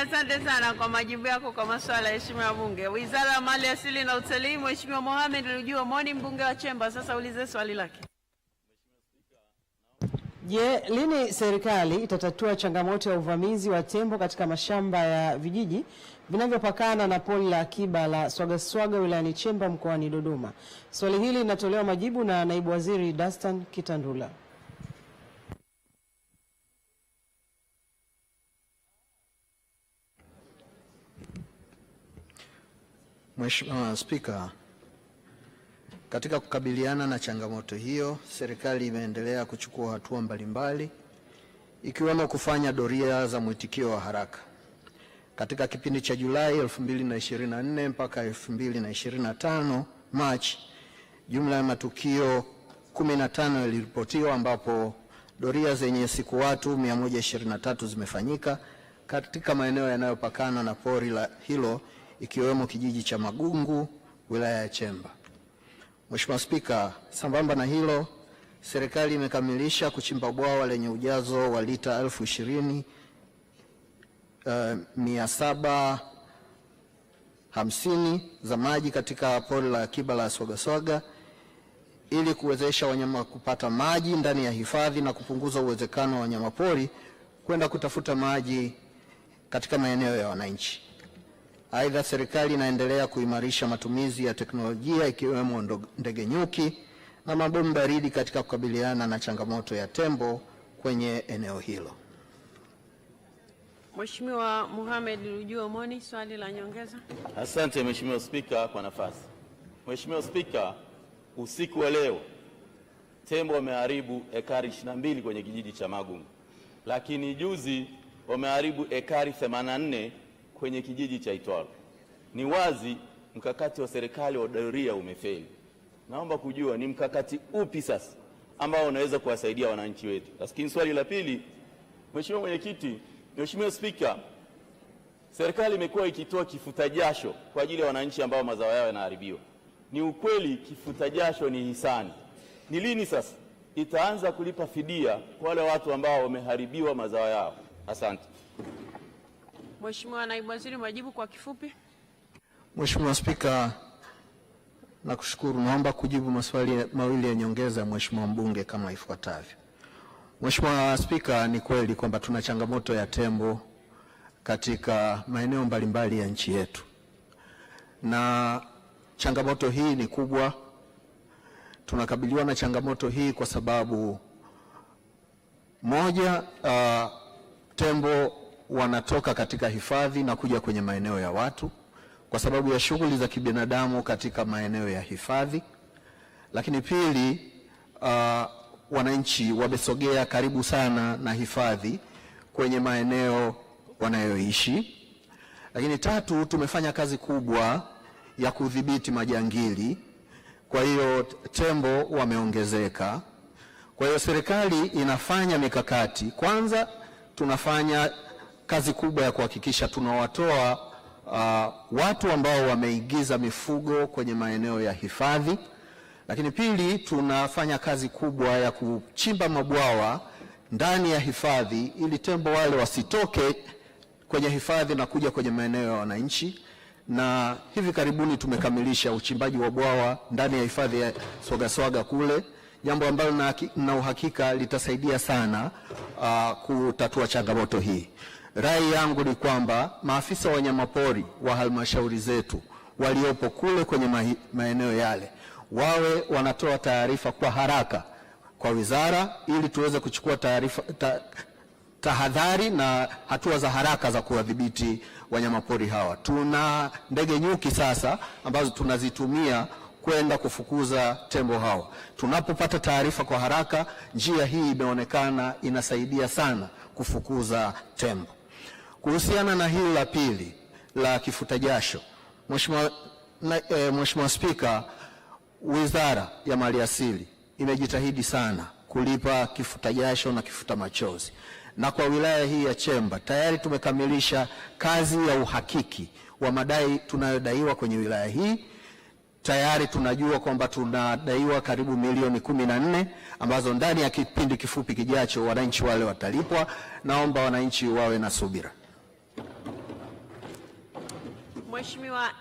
asante sana kwa majibu yako kwa masuala ya heshima ya Bunge. Wizara ya Mali Asili na Utalii, Mheshimiwa Mohamed Lujuo Moni, mbunge wa Chemba, sasa ulize swali lake. Je, lini serikali itatatua changamoto ya uvamizi wa tembo katika mashamba ya vijiji vinavyopakana na pori la akiba la Swagaswaga wilayani Chemba mkoani Dodoma? Swali hili linatolewa majibu na naibu waziri Dastan Kitandula. Mheshimiwa uh, Spika, katika kukabiliana na changamoto hiyo, serikali imeendelea kuchukua hatua mbalimbali ikiwemo kufanya doria za mwitikio wa haraka. Katika kipindi cha Julai 2024 mpaka 2025 Machi, jumla ya matukio 15 yaliripotiwa ambapo doria zenye siku watu 123 zimefanyika katika maeneo yanayopakana na pori la hilo ikiwemo kijiji cha Magungu wilaya ya Chemba. Mheshimiwa Spika, sambamba na hilo, serikali imekamilisha kuchimba bwawa lenye ujazo wa lita elfu ishirini uh, mia saba hamsini za maji katika pori la akiba la Swagaswaga ili kuwezesha wanyama kupata maji ndani ya hifadhi na kupunguza uwezekano wa wanyamapori kwenda kutafuta maji katika maeneo ya wananchi. Aidha, serikali inaendelea kuimarisha matumizi ya teknolojia ikiwemo ndege nyuki na mabomu baridi katika kukabiliana na changamoto ya tembo kwenye eneo hilo. Mheshimiwa Mohamed Lujuo Moni, swali la nyongeza. Asante Mheshimiwa Spika kwa nafasi. Mheshimiwa Spika, usiku wa leo tembo wameharibu ekari 22 kwenye kijiji cha Magungu, lakini juzi wameharibu ekari 84 kwenye kijiji cha itwalo Ni wazi mkakati wa serikali wa doria umefeli. Naomba kujua ni mkakati upi sasa ambao unaweza kuwasaidia wananchi wetu. Lakini swali la pili, Mheshimiwa Mwenyekiti, Mheshimiwa Spika, serikali imekuwa ikitoa kifuta jasho kwa ajili ya wananchi ambao mazao yao yanaharibiwa. Ni ukweli kifuta jasho ni hisani. Ni lini sasa itaanza kulipa fidia kwa wale watu ambao wameharibiwa mazao yao? Asante. Mheshimiwa Naibu Waziri, majibu kwa kifupi. Mheshimiwa Spika, nakushukuru. Naomba kujibu maswali mawili ya nyongeza Mheshimiwa mbunge kama ifuatavyo. Mheshimiwa Spika, ni kweli kwamba tuna changamoto ya tembo katika maeneo mbalimbali ya nchi yetu, na changamoto hii ni kubwa. Tunakabiliwa na changamoto hii kwa sababu moja, uh, tembo wanatoka katika hifadhi na kuja kwenye maeneo ya watu kwa sababu ya shughuli za kibinadamu katika maeneo ya hifadhi. Lakini pili, uh, wananchi wamesogea karibu sana na hifadhi kwenye maeneo wanayoishi. Lakini tatu, tumefanya kazi kubwa ya kudhibiti majangili, kwa hiyo tembo wameongezeka. Kwa hiyo serikali inafanya mikakati, kwanza tunafanya kazi kubwa ya kuhakikisha tunawatoa uh, watu ambao wameingiza mifugo kwenye maeneo ya hifadhi, lakini pili, tunafanya kazi kubwa ya kuchimba mabwawa ndani ya hifadhi ili tembo wale wasitoke kwenye hifadhi na kuja kwenye maeneo ya wananchi na hivi karibuni tumekamilisha uchimbaji wa bwawa ndani ya hifadhi ya Swagaswaga kule, jambo ambalo na, na uhakika litasaidia sana uh, kutatua changamoto hii. Rai yangu ni kwamba maafisa wa wanyamapori wa halmashauri zetu waliopo kule kwenye maeneo yale wawe wanatoa taarifa kwa haraka kwa wizara ili tuweze kuchukua taarifa ta, tahadhari na hatua za haraka za kuwadhibiti wanyamapori hawa. Tuna ndege nyuki sasa ambazo tunazitumia kwenda kufukuza tembo hawa. Tunapopata taarifa kwa haraka, njia hii imeonekana inasaidia sana kufukuza tembo. Kuhusiana na hili la pili la kifuta jasho, Mheshimiwa e, Spika, Wizara ya Maliasili imejitahidi sana kulipa kifuta jasho na kifuta machozi, na kwa wilaya hii ya Chemba tayari tumekamilisha kazi ya uhakiki wa madai tunayodaiwa kwenye wilaya hii. Tayari tunajua kwamba tunadaiwa karibu milioni kumi na nne ambazo ndani ya kipindi kifupi kijacho wananchi wale watalipwa. Naomba wananchi wawe na subira. Mheshimiwa